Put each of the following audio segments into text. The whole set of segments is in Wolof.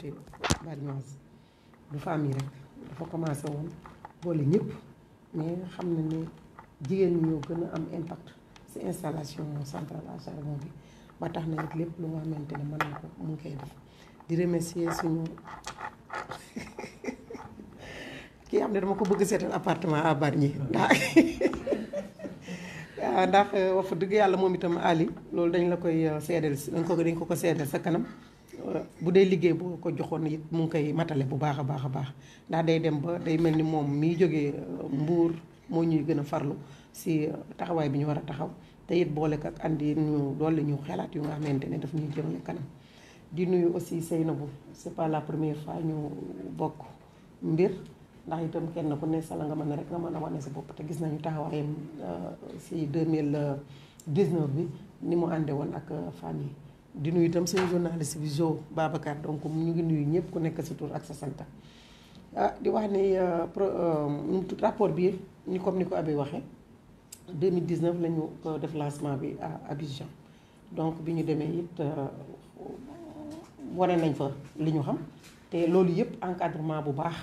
tey bari ñoos du rek dafa commencé woon boole ñëpp mais xam na ne jigéen ñi ñoo gën a am impact si installation centrale à charbon bi ba tax na it lépp lu nga xamante ne mën na ko mu ngi koy def di remercier suñu kii xam ne dama ko bëgg seetal appartement à Bargny ndax ndax wax dëgg yàlla moom itam Ali loolu dañ la koy euh, seedal dañ ko dañ ko ko seedal sa kanam bu dee liggéey boo ko joxoon it mu ngi koy matale bu baax a baax a baax ndax day dem ba day mel ni moom miy jógee euh, mbuur moo ñuy gën a farlu si euh, taxawaay bi ñu war a taxaw te it boole ak andi ñu dolli ñu xelaat yu nga xamante ne daf ñuy jëmale kanam di nuyu aussi Seynabou c'est par la première fois ñu bokk mbir ndax itam kenn ku ne sala nga mën rek nga mën a wane sa bopp te gis nañu taxawaayam euh, si 2019 bi ni mu àndee woon ak famille di nuyu tam seen journaliste bi Jo Babacar donc ñu ngi nuyu ñëpp ku nekk ci tour ak sa santa ah di wax ni euh, pro euh, rapport bi ñu comme ni ko Abi waxee 2019 lañu ko def lancement bi à Abidjan donc biñu démé yitt it euh, wane nañ fa liñu xam té lolu yépp encadrement bu baax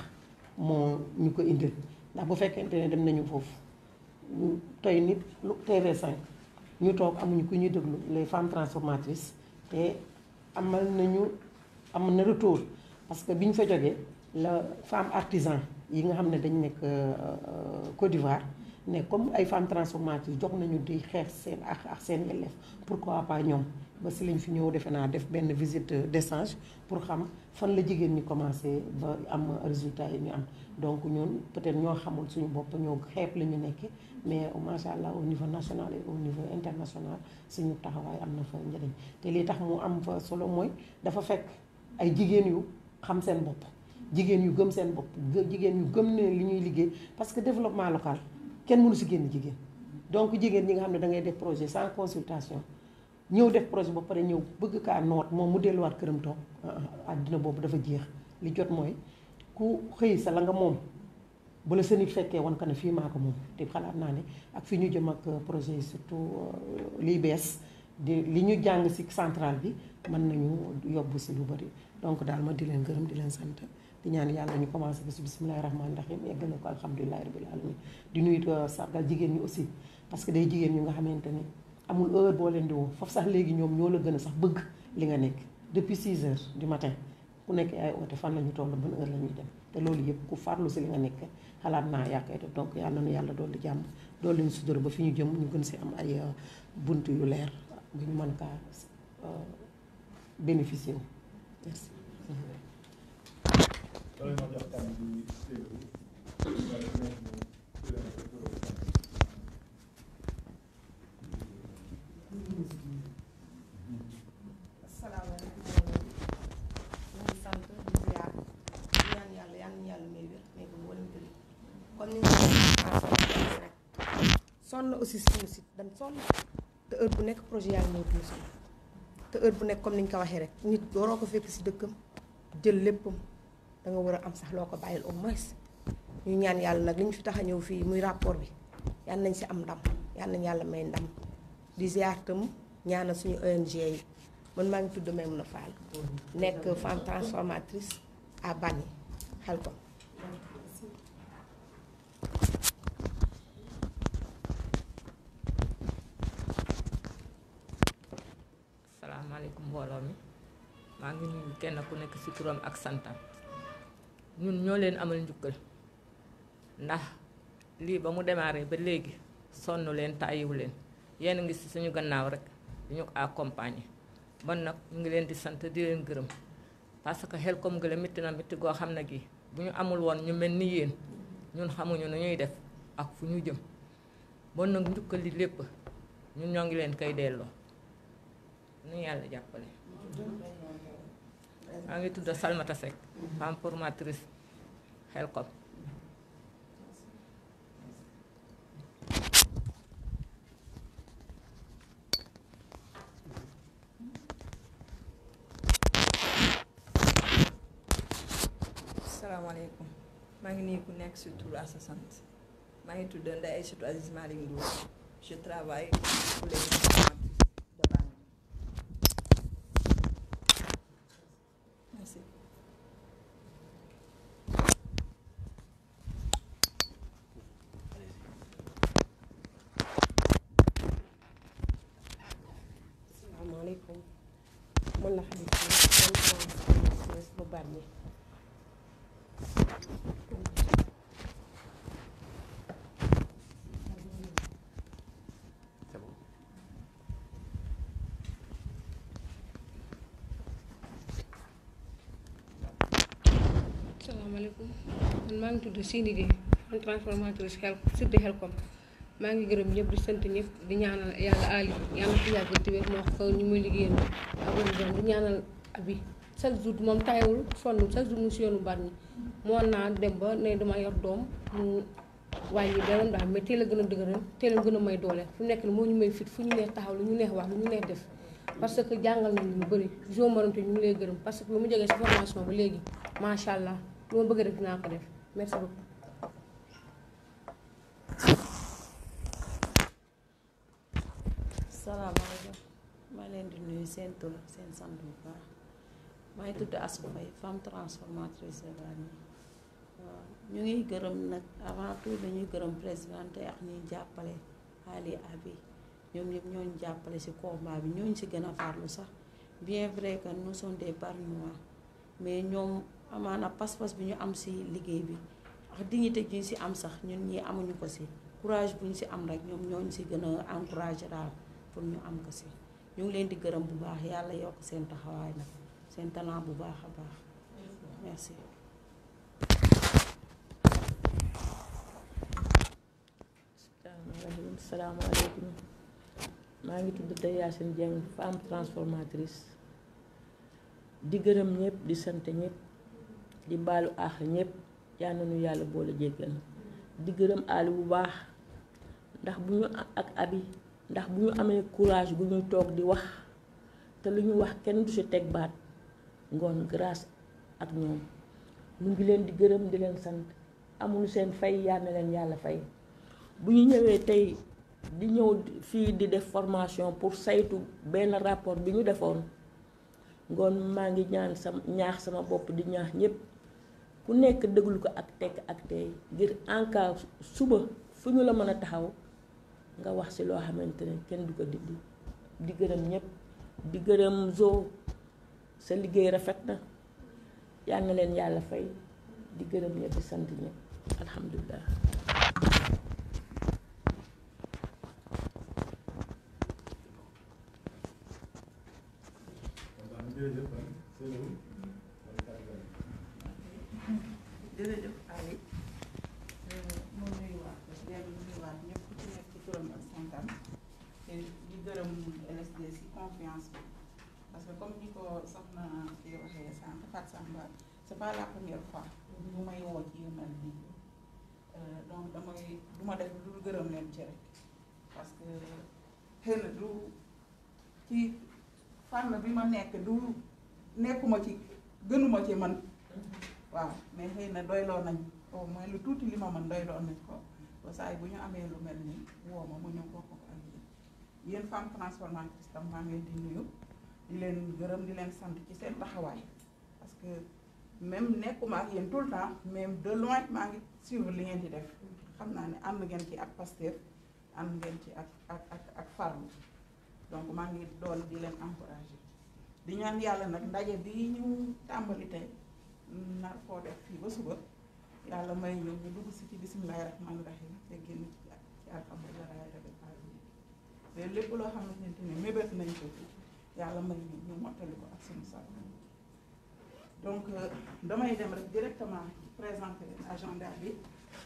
mo ñu ko indil ndax bu fekkente ne dem nañu fofu tey nit lu TV5 ñu tok amuñu ku ñuy déglu les femmes transformatrices. te amal nañu am na retour parce que bi ñu fa jógee la femme artisan yi nga xam ne dañ nekk euh, euh, Côte d'Ivoire ne comme ay femmes transformatrices jox nañu di xeex seen ak ak seen yelleef pourquoi pas ñoom ba si lañ fi ñëw defe naa def benn visite euh, d'échange pour xam fan la jigéen ñi commencé ba am résultat yi ñu am donc ñun peut-être ñoo xamul suñu bopp ñoo xeeb la ñu nekk mais macha allah au niveau national et au niveau international suñu taxawaay am na fa njariñ te lii tax mu am fa solo mooy dafa fekk ay jigéen yu xam seen bopp jigéen yu gëm seen bopp jigéen yu gëm ne li ñuy liggéey parce que développement local kenn mënu si génn jigéen donc jigéen ñi nga xam ne da ngay def projet sans consultation ñëw def projet ba pare ñëw bëgg kaa noot moom mu delluwaat këram toog ah, ah, àddina boobu dafa jeex li jot mooy ku xëy sa la nga moom bu la seen i fekkee wan ko ne fii maa ko moom te xalaat naa ne ak fi ñu jëm ak euh, projet yi surtout euh, liy bees di li ñu jàng si central bi mën nañu yóbbu si lu bëri donc daal ma di leen gërëm di leen sant di ñaan yàlla ñu commencé ko si bisimilahi rahmaani rahim yeggale ko alhamdulilahi rabil alamin di nuyu euh, sargal jigéen ñi aussi parce que day jigéen ñi nga xamante ni amul heure boo leen di woo foofu sax léegi ñoom ñoo la gën a sax bëgg li nga nekk depuis 6 heures du matin ku nekk ay oote fan la ñu toll ban heure dem te loolu yëpp ku farlu si li nga nekk xalaat naa yàqeete donc yàlla na yàlla dool di jàmm dool lañu sutura ba fi ñu jëm ñu gën si am ay euh, bunt yu leer bu ñu mën kaa euh, bénéficier sonn aussi suñu si dañ sonn te heure bu nekk projet yaa ngi ñëw duñu te heure bu nekk comme ni ñu ko waxee rek nit waroo ko fekk si dëkkam jël léppam da war a am sax loo ko bàyyil au moins ñu ñaan yàlla nag li ñu fi tax ñëw fii muy rapport bi yal nañ si am ndam yal nañ yàlla may ndam di ziar tam ñaanal suñu ONG yi man maa ngi tudd Maimouna Fall nekk femme transformatrice à xel ko mbolo mi ma ngi nuyu kenn ku nekk ci turam ak santam ñun ñoo leen amal njukkal ndax li ba mu démarré ba léegi sonn leen tàyyiwu leen yéen ngi ci suñu gannaaw rek di ñu accompagner man nag ñu ngi leen di sant di leen gërëm parce que xel comme gële métti na métti goo xam ne gii bu ñu amul woon ñu mel ni yéen ñun xamuñu nu ñuy def ak fu ñu jëm bon nag njukkal li lépp ñun ñoo ngi leen koy delloo nu yàlla jàppale maa ngi tudd Salmata Seck femme formatrice Xelcom maa ngi nii ku nekk si tur ak sa sant maa ngi tudd Ndeye Aïssatou Aziz Malick Ndour je travaille pour les Assalamualaikum. xarit bu bànni asalaamaaleykum man Sini di Transformator transformatrice xel suddi maa ngi gërëm yëpp di sant ñëpp di ñaanal yàlla aali yàlla fi yàgg te moo ko ñu muy liggéeyal ak di ñaanal abi chaque jour moom tayewul sonn chaque jour mu si yoonu baat mi naa dem ba ne dama yor doom mu wàññi beneen daal mais teel a gën a dëgëral teel a gën a may doole fu nekk ni moo ñu may fit fu ñu neex taxaw lu ñu neex wax lu ñu neex def parce que jàngal nañu lu bëri jo marante ñu ngi lay gërëm parce que lu mu jógee si formation ba léegi macha allah lu ma bëgg a dinaa ko def merci beaucoup salaamaaleykum maa leen di nuyu seen tur seen sant bu baax maa ngi tudd Astou Faye femme transformatrice de l'année waaw ñu ngi gërëm nag avant tout dañuy gërëm présidente ak ñuy jàppale Ali Abi ñoom ñëpp ñooñu jàppale ci combat bi ñooñu ci gën a farlu sax bien vrai que nous sommes des Bargnois mais ñoom amaana pas-pas bi ñu am ci liggéey bi ak dignité gi ñu ci am sax ñun ñii amuñu ko ci courage bu ñu ci am rek ñoom ñooñu ci gën a encouragé daal. pour ñu am ko ci ñu ngi leen di gërëm bu baax yàlla yokk seen taxawaay nag seen talent bu baax a baax merci salaamaaleykum maa ngi tudd tey Yacine Dieng femme transformatrice di gërëm ñëpp di sant ñëpp di baalu àq ñëpp yaa nañu yàlla boole jéggal di gërëm àll bu baax ndax bu ñu ak abi ndax buñu amé courage buñu tok di wax té luñu wax kenn du ci tek baat ngoon grâce ak ñoom ñu ngi leen di gëreem di leen sant amuñu seen fay ya na leen yalla fay buñu ñëwé tay di ñëw fi di def formation pour saytu ben rapport biñu defoon ngon ma ngi ñaan sama ñaax sama bop di ñaax nyep, ku nekk déglu ko ak tek ak tay ngir en cas suba fuñu la mëna taxaw nga wax si loo xamante ne kenn du ko dindi di gërëm ñëpp di gërëm zoo sa liggéey rafet na yal na leen yàlla fay di gërëm ñëpp di sant ñëpp alhamdulilah. moom damay du ma def lu gërëm leen ci rek parce que xëy na du ci fànn bi ma nekk du nekkuma ci gënuma ci man waaw mais xëy na doyloo nañ au moins lu tuuti li ma mën doyloo nañ ko ba saa bu ñu amee lu mel nii woo ma mu ñëw bokk ko ak yéen yéen femme transformatrice tam maa ngi di nuyu di leen gërëm di leen sant ci seen taxawaay parce que même nekkuma ak yéen tout le temps mais de loin maa ngi suivre li ngeen di def xam naa ne ànd ngeen ci ak pasteur am ngeen ci ak ak ak ak farme donc maa ngi doon di leen encourager di ñaan yàlla nag ndaje bi ñu tàmbali tey nar koo def fii ba suba yàlla may ñu ñu dugg si ci bisimilahi rahmaani rahim te génn ci ak ci alhamdulilahi rabbil alamin mais lépp loo xamante ne mébét nañ ko fi yàlla may ñu ñu mottali ko ak suñu sàr donc euh, damay dem rek directement présenter leen agenda bi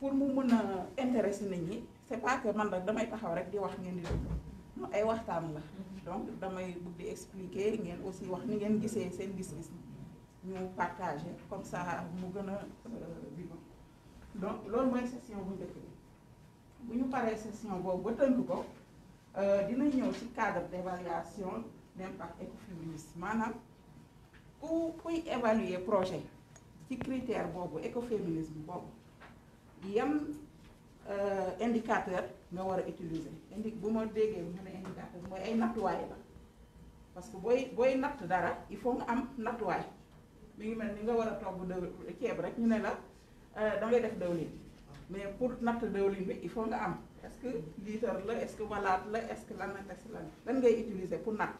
pour mu mën a intéresser nañ ñi c'est pas que man rek damay taxaw rek di wax ngeen di déglu ay waxtaan la donc damay bëgg di expliquer ngeen aussi wax ni ngeen gisee seen gis-gis ñu partager comme ça mu gën a euh, vivant donc loolu mooy session bu njëkk bi bu ñu paree session boobu ba tënk ko euh, dina ñëw ci cadre d'évaluation d'impact écoféministe maanaam ku kuy évaluer projet ci critère boobu écoféminisme boobu euh, indicateur nga wara utiliser indi bu ma déggee mu ne indicateur moy ay nattuwaay la parce que boy boy nat dara il faut nga am nattuwaay mi ngi mel ni nga wara togb de dëw rek ñu né la euh, da ngay def dëwlin mais pour nat dëwlin bi il faut nga am est-ce que litre la est-ce que malade la est-ce que lan la si lan lan ngay utiliser pour nat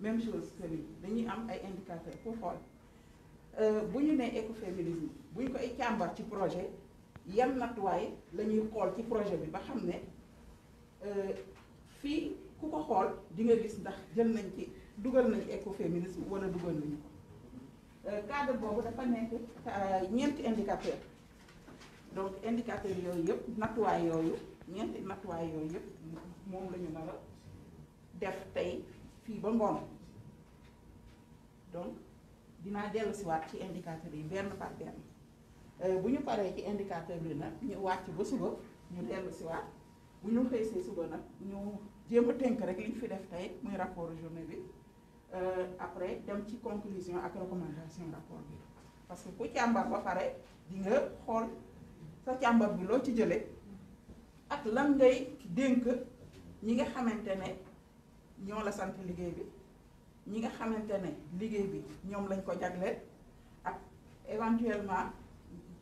même chose que ni dañuy am ay indicateur pour xool euh, bu ñu né écoféminisme buñ ko ay càmbar ci projet. yan nattuwaay la ñuy xool ci projet bi ba xam ne euh, fii ku ko xool di nga gis ndax jël nañ ci dugal nañ ci écoféminisme wala dugal nañu ko euh, cadre boobu dafa nekk euh, ñeenti indicateur donc indicateur yooyu yëpp nattuwaay yooyu ñeenti nattuwaay yooyu yëpp moom la ñu nar def tey fii ba ngoon donc dinaa dellusiwaat ci indicateur yi benn par benn Euh, bu ñu paree ci indicateur bi nag ñu ci ba suba ñu dellu si bu ñu xëy see suba nag ñu jéem a tënk rek li ñu fi def tey muy rapport journée bi euh, après dem ci conclusion ak recommandation rapport bi parce que ku càmbar ba pare di nga xool sa càmbar bi lool ci jëlee ak lan ngay dénk ñi nga xamante ne ñoo la sant liggéey bi ñi nga xamante ne liggéey bi ñoom lañ ko jagle ak éventuellement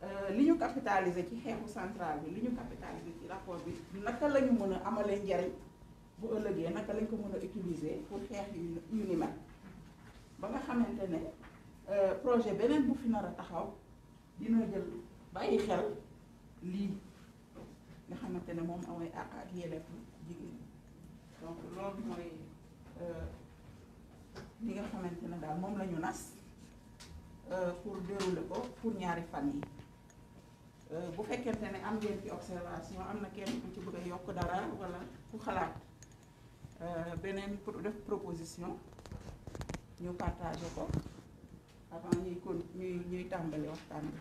Euh, li ñu capitaliser ci xeexu centrale bi li ñu capitaliser ci rapport bi naka la ñu mën a amalee njariñ bu ëllëgee naka lañ ko mën a utiliser pour xeex yu ni mel ba nga xamante ne euh, projet beneen bu fi nar a taxaw dina jël bàyyi xel lii nga xamante ne moom amay àq ak yelleefu jigéen donc loolu euh, li nga xamante ne daal moom la ñu nas pour dérouler ko pour ñaari fan yi Euh, bu fekkente ne am ngeen ci observation am na kenn ku ci bëgg a yokk dara wala ku xalaat euh, beneen def proposition ñu partagé ko avant ñuy kon ñuy ñuy tàmbali waxtaan bi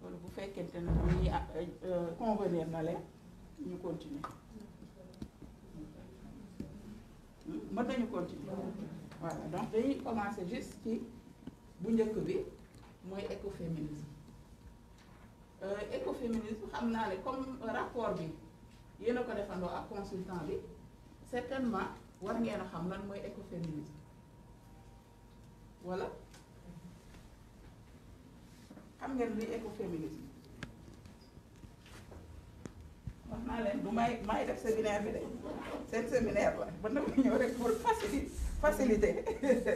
loolu bu fekkente ne ñuy euh, convenir na leen ñu continuer mën nañu continuer voilà donc dañuy commencer juste ci bu njëkk bi mooy écoféminisme féminisme xam naa ne comme rapport bi yéen a ko defandoo ak consultant bi certainement war ngeen a xam lan mooy écoféminisme wala xam ngeen luy écoféminisme wax naa leen du may may def séminaire bi de seen séminaire la ba nag ñëw rek pour faciliter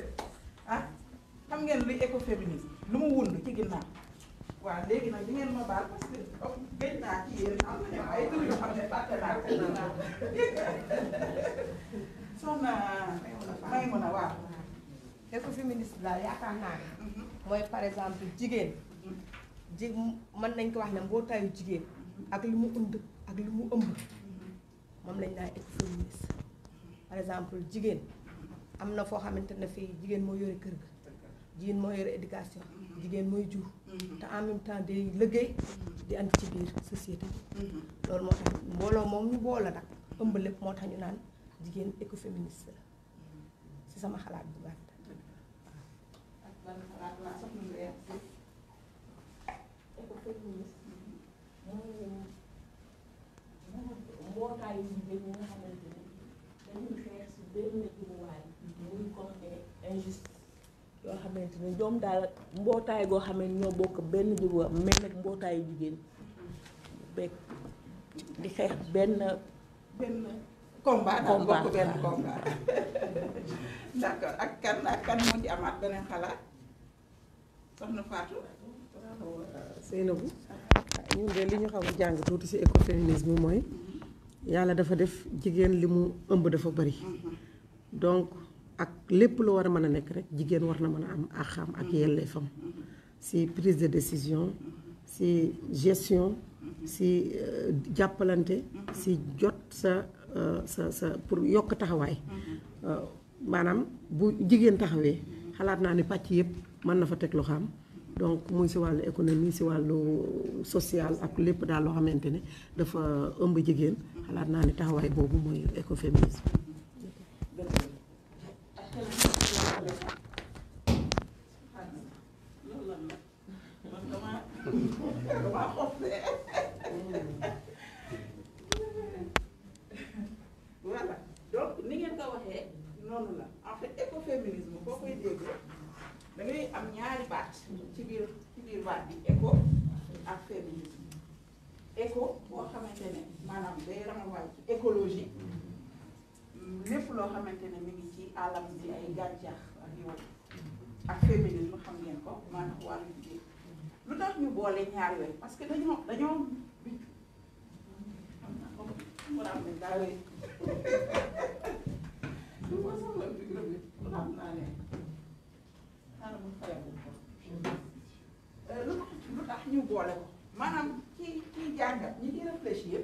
ah xam ngeen luy écoféminisme lu mu wund ci ginnaaw. waaw léegi nag di ngeen ma baal parce que naa naa ko may mën a waaw dëkk naa ne mhm. mooy par exemple jigéen mhm. ji mën nañ ko wax ne mbootaayu jigéen ak li mu und ak li mu ëmb mhm. moom lañ naan écoféministe par exemple jigéen am na foo xamante ne fii jigéen moo yore kër ga jigéen moo yore éducation jigéen mooy jur mm-hmm. te en même temps day liggéey mm-hmm. di andi ci biir société mm-hmm. loolu moo tax mbooloo moom ñu boola nag ëmb lépp moo tax ñu naan jigéen écoféministe la si sama xalaat bu gàtt mbootaayu jigéen ñi nga xamante ne dañuy xeex si xamante ni ñoom daal mbootaay goo xam ñoo bokk benn jiwa mel nag mbootaayu jigéen beeg di xeex benn benn combat daal bokk ak kan ak kan moo ci amaat beneen xalaat soxna Fatou Seynabou ñun de li ñu xaw a jàng tuuti ci écoféminisme mooy mhm. yàlla dafa def jigéen li mu ëmb dafa bari mhm. donc ak lepp lo wara a nek rek jigen war na mën am axam ak fam si prise de décision si gestion si euh, jàppalante si jot sa euh, sa sa pour yokk taxawaay euh, manam bu jigen taxawé xalaat naa ne pàcc yëpp mën na fa tek lo xam donc muy si walu économie si walu social ak lepp daal lo xamantene ne dafa ëmb jigen xalaat na ne taxawaay boobu mooy écoféminisme voilà donc ni ngeen ko waxee noonu la en fait não não koy dégg da ngay am ñaari baat ci biir ci biir baat bi éco ak féminisme éco boo xamante ne maanaam day ramawaay ci écologie lépp loo xamante ne mi ngi ci àllam di ay gàncax ak yooyu ak féminisme xam ngeen ko maanaam wàllu jigéen lu tax ñu boole ñaar yooyu parce que dañoo dañoo euh, lu tax lu tax ñu boole ko maanaam ci ci jàngat ñi di réfléchir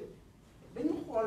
dañu xool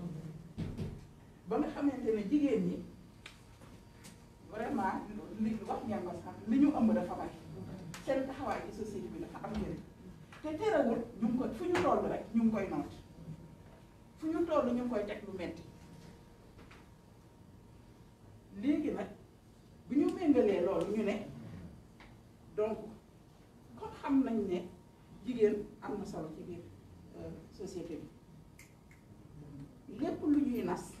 ba nga xamante ne jigéen ñi vraiment li wax ngeen ko sax li ñu ëmb dafa bari seen taxawaay ci société bi dafa am njëriñ te terewul ñu ngi ko fu ñu toll rek ñu ngi koy noot fu ñu toll ñu koy teg lu metti léegi nag bu ñu méngalee lool ñu ne donc comme xam nañ ne jigéen am na solo ci biir euh, société bi lépp lu ñuy nas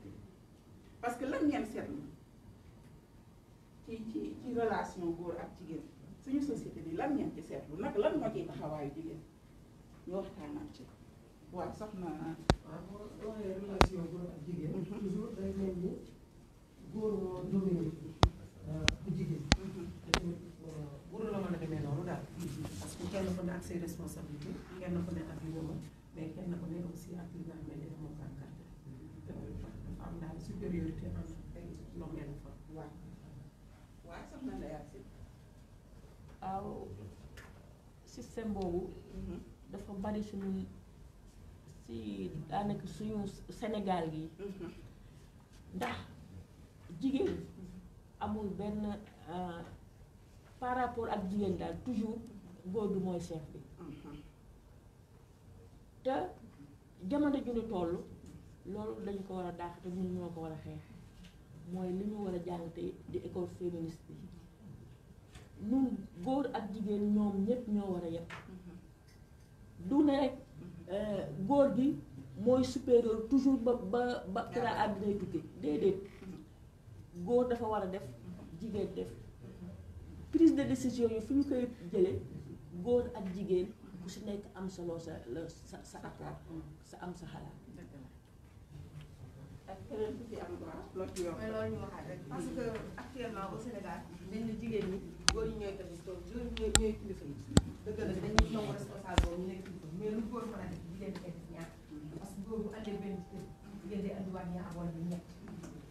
parce que lan ngeen seetlu ci ci ci relation góor ak jigéen suñu société bi lan ngeen ci seetlu nag lan moo ciy taxawaayu jigéen ñu waxtaan ak ci waaw soxna. waaw boo waxee relation góor ak jigéen. Mhm. toujours day mel ni góor moo dominé ku euh, jigéen. Mhm. Euh, góor la mën a demee noonu daal. Mhm. parce que kenn ku ne ak ses responsabilités kenn ku ne ak li mu mën mais kenn ku ne aussi ak li nga xamante ne supériorité am ay domaine waaw waaye soxna Ndeye boobu dafa bari suñu si daanaka suñu Sénégal gi ndax jigéen amul benn euh, par rapport ak jigéen daal toujours góor gi mooy chef bi mhm. te jamono ju ñu toll loolu dañ ko war a daax te ñun ñoo ko war a xeex mooy li ñu war a jàng te di école féministe bi nu góor ak jigéen ñoom ñépp ñoo war a yem du ne rek euh, góor gi mooy supérieur toujours ba ba ba kara àddinay tukki déedéet góor dafa war a def jigéen def prise de décision yi fu ñu koy jële góor ak jigéen ku si nekk am sa loo sa sa sa apport sa am sa xalaat ak keneen ku ci am droit loolu ci yokk loolu ñu waxaat rek parce que actuellement au ne jigéen ñi góor ñi ñooy tamit toog ñooy ñooy ñooy kilifa yi dëgg la dañuy nangu responsable nekk kilifa mais lu góor mën a def jigéen di ci que góor bu andee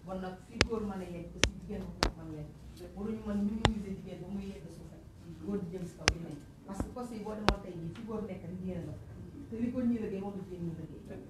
bon nag fi góor mën a yegg aussi jigéen ko mën yegg waruñu mën jigéen ba muy si kaw parce que poste yi boo demoon tey jii fi góor nekk rek ñii la te li ko ñii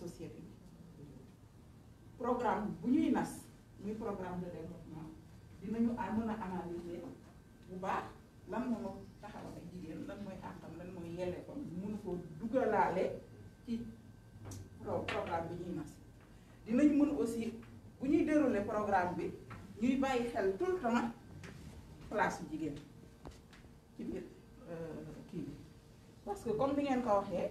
société programme bu ñuy nas muy programme de développement dinañu a mën a analyser bu baax lan moo taxawal ak jigéen lan mooy àqam lan mooy yelle ko mun ko dugalaale ci programme bi ñuy nas dinañ mën aussi bu ñuy dérouler programme bi ñuy bàyyi xel tout le temps place jigéen ci biir euh, kii bi parce que comme ni ngeen ko waxee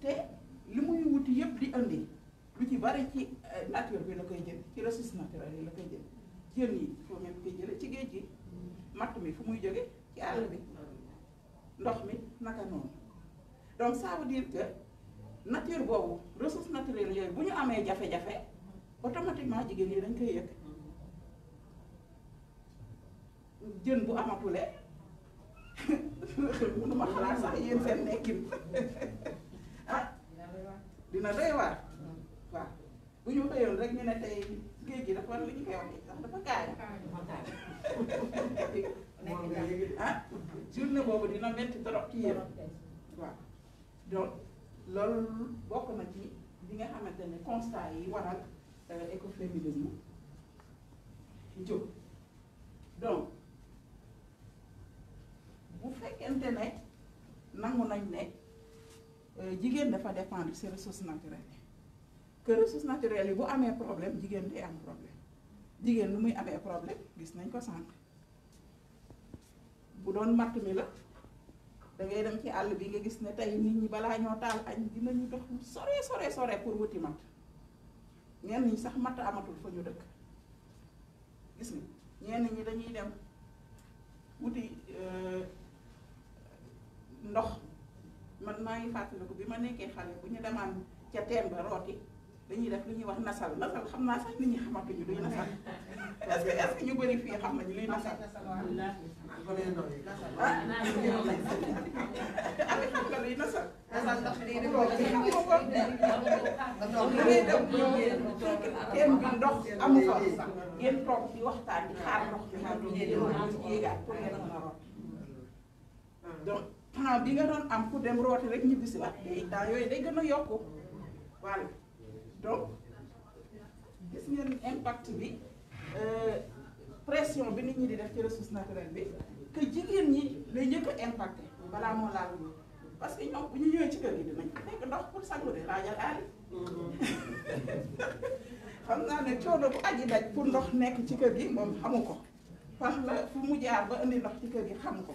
te li muy wuti yëpp di indi lu ci bari ci euh, nature bi la koy jël ci ressources naturelles yi la koy jël jën yi foo même koy ci géej gi matt mi fu muy joge ci àll bi ndox mi naka noonu donc ça veut dire que nature boobu ressources naturelles yooyu bu ñu amee jafe-jafe automatiquement jigéen yi dañ koy yëg jën bu amatule mënuma xalaat sax yéen seen nekkin dina doy waar waaw bu ñu xëyoon rek ñu ne tey géej gi dafa war lu ñu koy waxee sax dafa kaay. ah journée boobu dina metti trop ci yéen waaw donc loolu bokk na ci li nga xamante ne constat yi waral euh, écoféminisme jóg donc bu fekkente ne nangu nañ ne. Euh, jigéen dafa dépendre ci ressources naturelles yi que ressources yi bu amee problème jigéen day am problème jigéen lu muy amee problème gis nañ ko sànq bu doon matt mi la dangay dem ci àll bi nga gis ne tey nit ñi balaa ñoo taal añ dinañu dox sore sore sore pour wuti matt ñenn ñi sax matt amatul fa ñu dëkk gis nga ñenn ñi dañuy dem wuti euh, ndox man maa ngi fàttaliku bi ma nekkee xale bu ñu demaan ca teen ba rooti dañuy def lu ñuy wax nasal nasal xam naa sax nit ñi xamatuñu duñu nasal est-ce que est-ce que ñu bëri fii xam nañu luy nasal. ami ah, xam nga luy nasal. teen bi ndox amu fa ngeen toog di waxtaan di xaar ndox bi ndox bi ngeen di yéegaat pour ngeen mën a root donc temps bi nga doon am pour dem root rek ñibbi si waat day temps yooyu day gën a yokku voilà donc gis impact bi euh, pression bi ni ñi di def ci na naturelle bi que jigéen ñi lay njëkk a impacté balaa moo laal ñu parce que ñoom bu ñu ñëwee ci kër gi dinañ fekk ndox pour sangu de laajal aali xam naa ne coono bu aji daj pour ndox nekk ci kër gi moom xamu ko wax la fu mu jaar ba indi ndox ci kër gi xam ko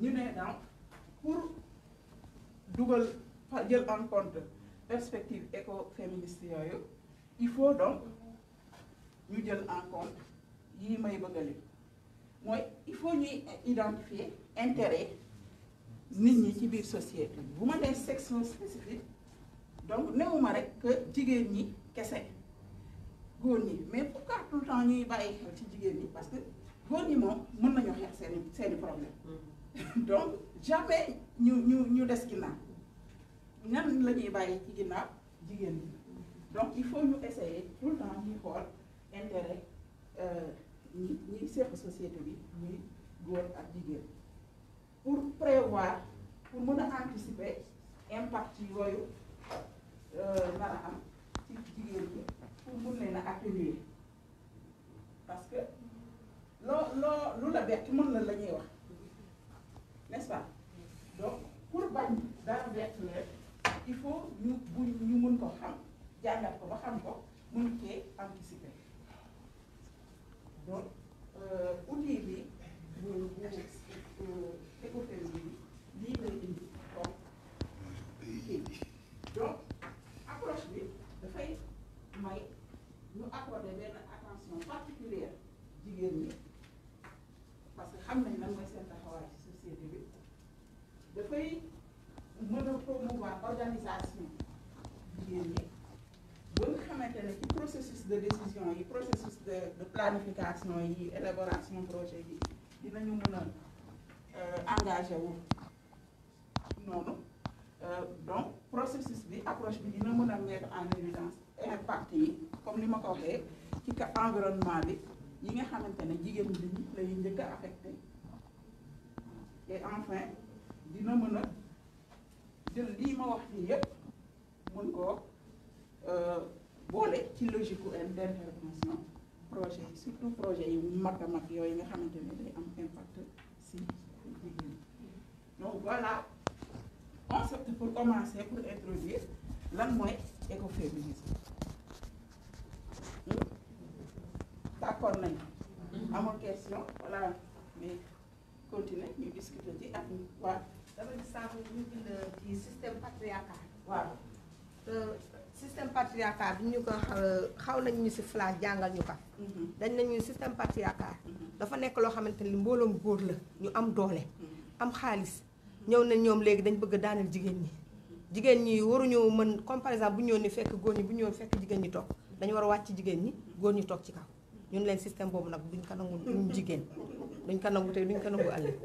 nous ne donc pour double jël en compte perspective écoféministe yooyu il faut donc ñu jël en compte yi may bëggale moi il faut ñuy identifier intérêt nit ñi ci biir société bu ma section spécifique donc vous rek que jigéen ñi kese góor ñi mais pourquoi tout le temps ñuy bàyyi xel ci jigéen ñi parce que góor ñi moom mën c'est le seeni seeni problème mm-hmm. Donc, jamais nous ne sommes pas là. Nous ne sommes pas là. Donc, il faut nous essayer tout le temps de voir l'intérêt de euh, cette société, de l'homme et Pour prévoir, pour nous anticiper l'impact de l'homme et de l'homme pour nous accueillir. Parce que, c'est ce que nous le dit. il faut ñu bu ñu mun ko xam jàngat ko ba xam ko mun cee anticiper donc euh, outil planification yi processo de de planification yi élaboration projet yi dinañu mën a engagé wu noonu donc processus bi approche bi dina mën a mettre en évidence impact yi que ni ma ko que ci ka environnement bi yi nga xamante ne jigéen ñi lay njëkk a affecté et enfin dina mën jël lii ma wax fii yépp mën koo. boole ci logique d'intervention projet c'est surtout projet yi mag a qui yooyu un xamante ne impact si jigéen donc voilà concept pour commencer pour introduire lan mooy écoféminisme hmm? d'accord À mon hmm. question voilà mais continuer ñu discuter ci Ça waaw dafa di sàmm ñu que le système patriarcal Voilà. système patriarcal bi ñu ko euh, xaw nañ ñu si flash jàngal ñu ko mhm. dañ nañu système patriarcal mhm. dafa nekk loo xamante ni mbooloom góor la ñu am doole mhm. am xaalis ñëw na ñoom léegi dañ bëgg daaneel jigéen ñi jigéen ñi waruñu mën comme par exemple bu ñëw ni fekk góor ñi bu ñëw fekk jigéen ñi toog dañu war a wàcc jigéen ñi góor ñi toog ci kaw ñun leen système boobu nag duñ ko nangu duñ jigéen duñ ko nangu tey duñ ko nangu ëllëg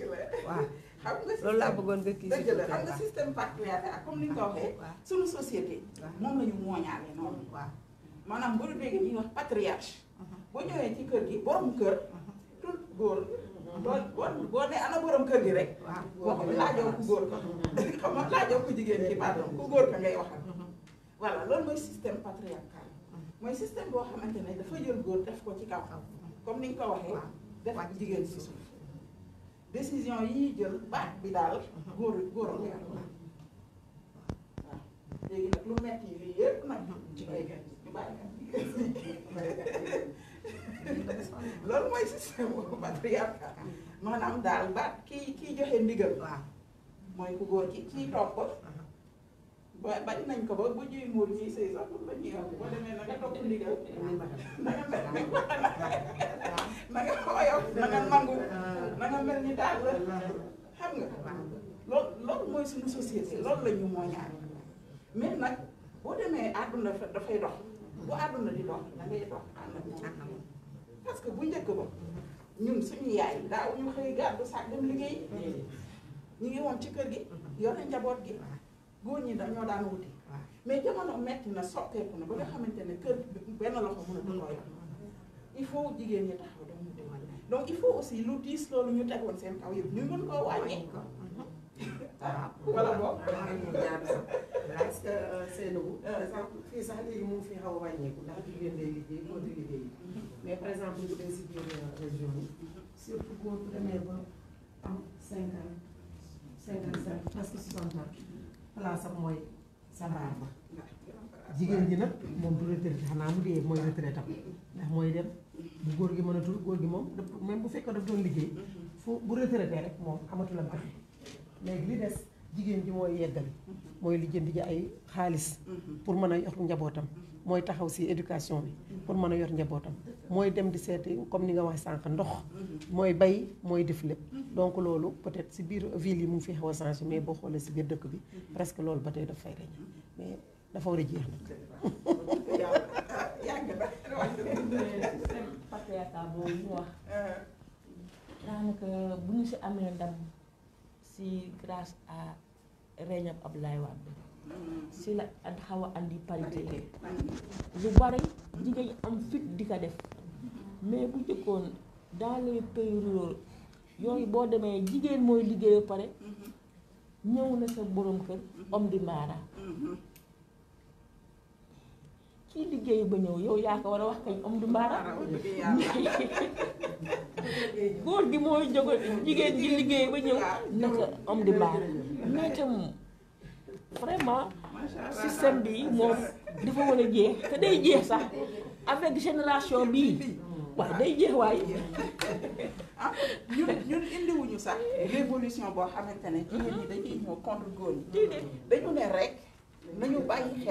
waa xam nga loolu laa bëggoon nga kii dëgg la xam nga système partenariat comme ni nga ko waxee. suñu société. moom la ñu mooñaale noonu. Mm-hmm. waaw maanaam bu dee ñuy wax patriarche. Mm-hmm. bu ñëwee ci kër gi borom kër. Mm-hmm. tout góor. boo boo boo nee ana borom kër gi rek. waaw boo laajoo ku góor ko. xam nga laajoo ku jigéen ci pardon ku góor ko ngay waxal. voilà loolu mooy système patriarcal. mooy système boo xamante ne dafa jël góor def ko ci kaw. comme ni nga ko waxee. def ak jigéen ci suuf. décision yi ñuy jël baat bi daal góor góor a leer waaw léegi nag lu metti yi lii yëpp nag ci baykat yi ñu bàyyikat yi loolu mooy système patriarcat maanaam daal baat kii kii joxe ndigal waaw mooy ku góor ki kii topp ba bañ nañ ko ba bu ñuy muur ñuy sëy sax pour la ñuy am boo demee na nga topp ndigal na nga na nga na nga na nga nangu ah. na mel ni daal la xam nga loolu loolu mooy suñu société loolu la ñu moo ñaar mais nag boo demee àdduna dafay dox bu àdduna di dox da dox ànd ak parce que bu njëkk ba ñun suñu yaay daaw ñu xëy gàddu sax dem liggéey ñu ngi woon ci kër gi yore njaboot gi góor ñi dañoo daan wuti mais jamono metti na soppeeku na ba nga xamante ne kër benn loxo mën a du il faut jigéen ñi tax donc il faut aussi lu diis loolu ñu tegoon seen kaw yëpp ñu mën koo wàññi ko wala boog parce que Seynabou par exemple fii sax léegi mu fi xaw a wàññeeku ndax jigéen day liggéey góor di liggéey mais par exemple bu dee si biir région yi surtout góor bu demee ba am cinquante cinquante cinq presque soixante ans place am mooy salaire ba jigéen ji nag moom du retraité xanaa mu dee mooy retraité am ndax mooy dem bu góor gi mënatul góor gi moom même bu fekkee daf doon liggéey fu bu retraité rek moom amatul am pexe léegi li des jigéen ji mooy yeggali mooy li jënd ji ay xaalis pour mën a yor njabootam mooy taxaw si éducation bi pour mën a yor njabootam mooy dem di seeti comme ni nga wax sànq ndox mooy bay mooy def lépp donc loolu peut-être si biir ville yi mu ngi fi xaw a changé mais boo xoolee si biir dëkk bi presque loolu ba tey daf fay reñ mais dafa war a jeex nag PAK boobu mu wax. daanaka bu ñu si amee ndam si grâce à règne ab Abdoulaye Wade mm-hmm. si la ak xaw a andi parité lu bari jigéen am fit di ko def mais bu njëkkoon dans les pays yooyu boo demee jigéen mooy liggéey pare mm-hmm. ñëw na sa borom kër om di kii liggéey ba ñëw yow yaa ko war a wax kay am du mbaara góor gi mooy jóg jigéen ji liggéey ba ñëw naka am di mbaara mais itam vraiment système bi moom dafa war a jeex te day jeex sax avec génération bi waaw day jeex waay ah ñun ñun indiwuñu boo xamante ne jigéen ñi dañuy ñëw contre góor ñi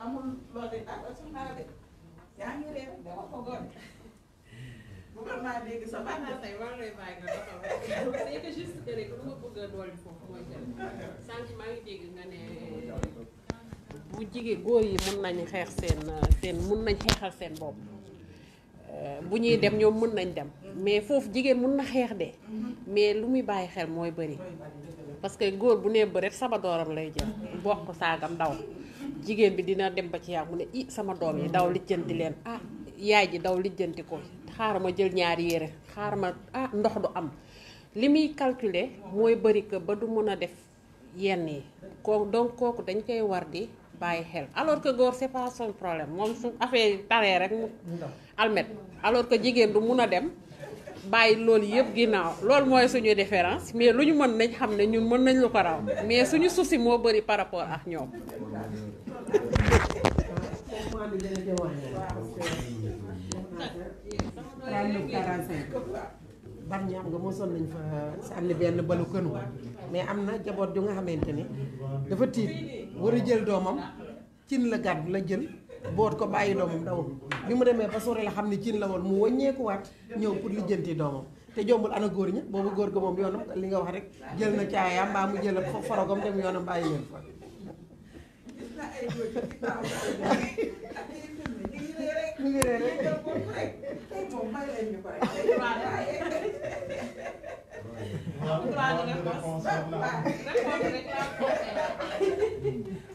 amul bu ko góor yi mun nañ xeex seen seen mun nañ xeexal seen bopp euh, bu ñuy dem ñoom mën nañ dem mais foofu jigéen mun na xeex de mais lu muy bàyyi xel mooy bëri parce que góor bu nee bëreet sabadooram lay jël bokk saagam daw jigéen bi dina dem ba ci yàgg mu ne i sama doom yi daw lijjanti leen ah yaay ji daw lijjanti ko xaaral ma jël ñaari yére xaaral ma ah ndox du am li muy calculer mooy bëri ko ba du mun a def yenn yi kooku donc kooku dañ koy war di bàyyi xel alors que góor c'est pas son problème moom su affaire taree rek mu almet alors que jigéen du mun a dem bàyyi loolu yëpp ginnaaw loolu mooy suñu différence mais lu ñu mën nañ xam ne ñun mën nañ lu ko raw mais suñu souci moo bëri par rapport ak ñoom. bar ñaam nga mosoon nañ fa am na benn balu kënu mais am na jaboot ju nga xamante ni dafa tiit war jël doomam cin la gàddu la jël boot ko bàyyi doomam daw bi mu demee ba sore la xam ne cin la woon mu wëññeeku waat ñëw pour lijjanti doomam te jombul ana góor ña boobu góor ko moom yoonam li nga wax jël na caaya mbaa mu jël forogam dem yoonam bàyyi leen fa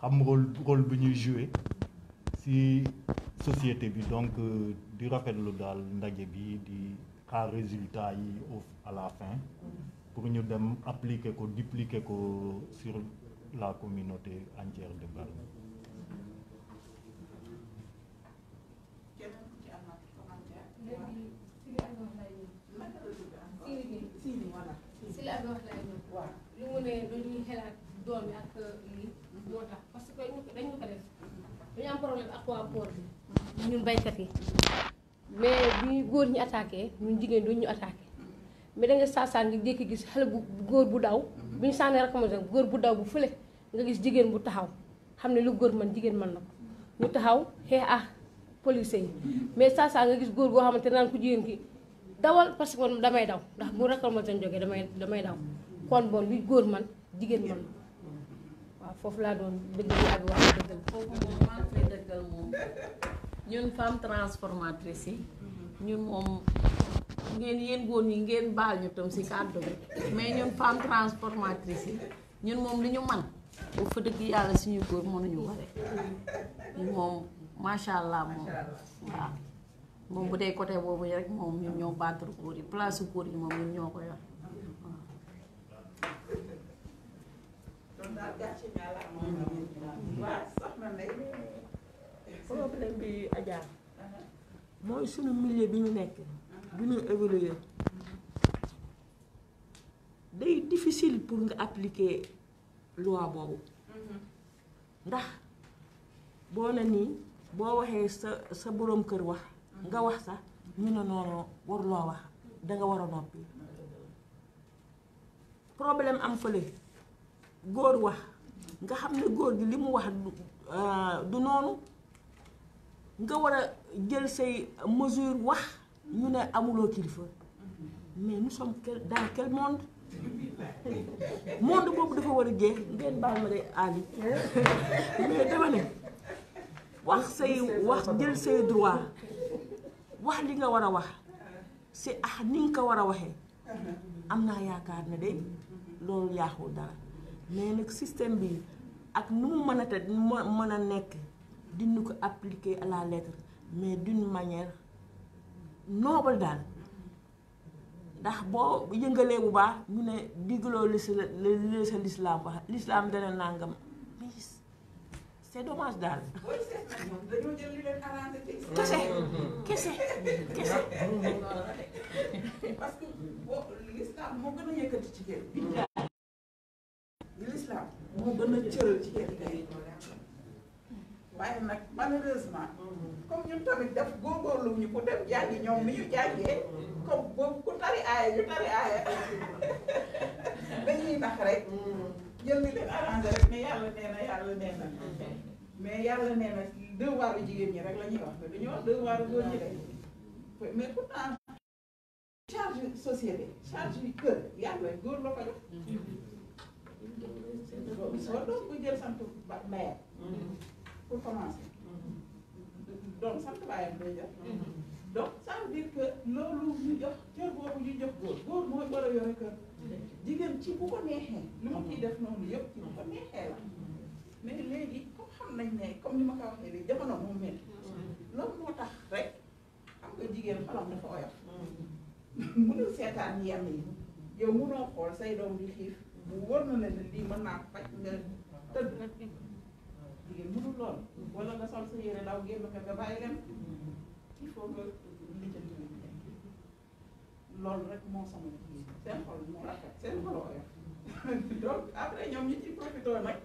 xam rôle rôle bi ñuy joué ci société bi donc di rafetlu daal ndaje bi di xaar résultat yi au à la fin pour ñu dem appliquer ko dupliquer ko sur la communauté entière de Bargny. si li nga wax lay ñëw waaw li mu ne dañuy xelaat doom yi ak am waa port ñun baykat yi mais bi góor ñi attaqué ñun jigéen duñ ñu attaqué mais da saa saasaan nga jékki gis xale bu góor bu daw mhm. bi ñu sànnee recommandé góor bu daw bu fële nga gis jigéen bu taxaw xam ne lu góor man jigéen man na ko ñu taxaw xeex ah police yi mhm. mais saa nga gis góor goo xamante naan ko jigéen ki dawal parce que man damay daw ndax bu recommandé jógee damay damay daw kon bon lu góor man jigéen man foofu laa doon bëgg bi ak wax dëggal foofu moom maa ngi dëggal moom ñun femme transformatrice yi mm-hmm. ñun moom ngeen yéen góor ñi ngeen baal ñu tam si kàddu bi mais ñun femme transformatrice yi ñun moom lu ñu man bu fa dëgg yàlla suñu góor mënuñu ware mm-hmm. ñun moom macha allah moom waaw moom bu dee côté boobu rek moom ñun ñoo battre góor yi place góor yi moom ñun ñoo ko yor problème bi Adja mooy suñu milieu bi ñu nekk bi ñu évoluer day difficile pour nga appliquer loi boobu ndax boo na nii boo waxee sa sa boroom kër wax nga wax sax ñu ne noonu waruloo wax danga war a noppi problème am fële góor wax nga xam ne góor gi li mu wax du euh, noonu nga war a jël say mesure wax ñu ne amuloo kilifa mais nous sommes dans quel monde monde boobu dafa war a jeex ngeen baal ma de Ali mais dama ne wax say wax jël say droit wax li nga war a wax si ah ni nga ko war a waxee am naa yaakaar ne de loolu yaaxul dara mais nag système bi ak nu mu mën a te mën a nekk dinu ko appliquer à la lettre mais d'une manière noble daal ndax boo yëngalee bu baax ñu ne digloo li sa li sa lislaam wax lislaam dana nangam mais c'est dommage daal. dañoo kese kese kese. que boo lislaam a yëkkati ci moo gën a cëral ci kenn kay waaye nag malheureusement comme ñun tamit def góorgóorlu ñu ko dem jàngi ñoom ni ñu jàngee comme boobu ku tari aaya ñu tari aaya dañuy nax rek jël li leen arrangé rek mais yàlla nee na yàlla nee na mais yàlla nee na devoiru jigéen ñi rek la ñuy wax mais du ñu wax devoiru góor ñi rek mais pourtant charge société charge kër yàlla góor la ko war doon kuy jël sant baayam pour commencer donc sant baayam lay jël donc ça veut dire que loolu ñu jox cër boobu ñu jox góor mooy war yore kër jigéen ci bu ko neexee lu mu ciy def noonu yëpp ci bu ko neexee la mais léegi comme xam nañ ne comme ni ma ko waxee léegi jamono moo mel am moo tax rek xam nga jigéen xolam dafa oyof mënul seetaan yenn yi yow mënoo xool sa doom di xiif mu wóor na leen ne lii mën naa faj nga tëdd nga tëdd jigéen mënul lool wala nga sol sa yére daw génn ko nga bàyyi leen il faut que lijjanti rek moo sama jigéen seen xol moo rafet seen xol ooyof donc après ñoom ñu ci profité nag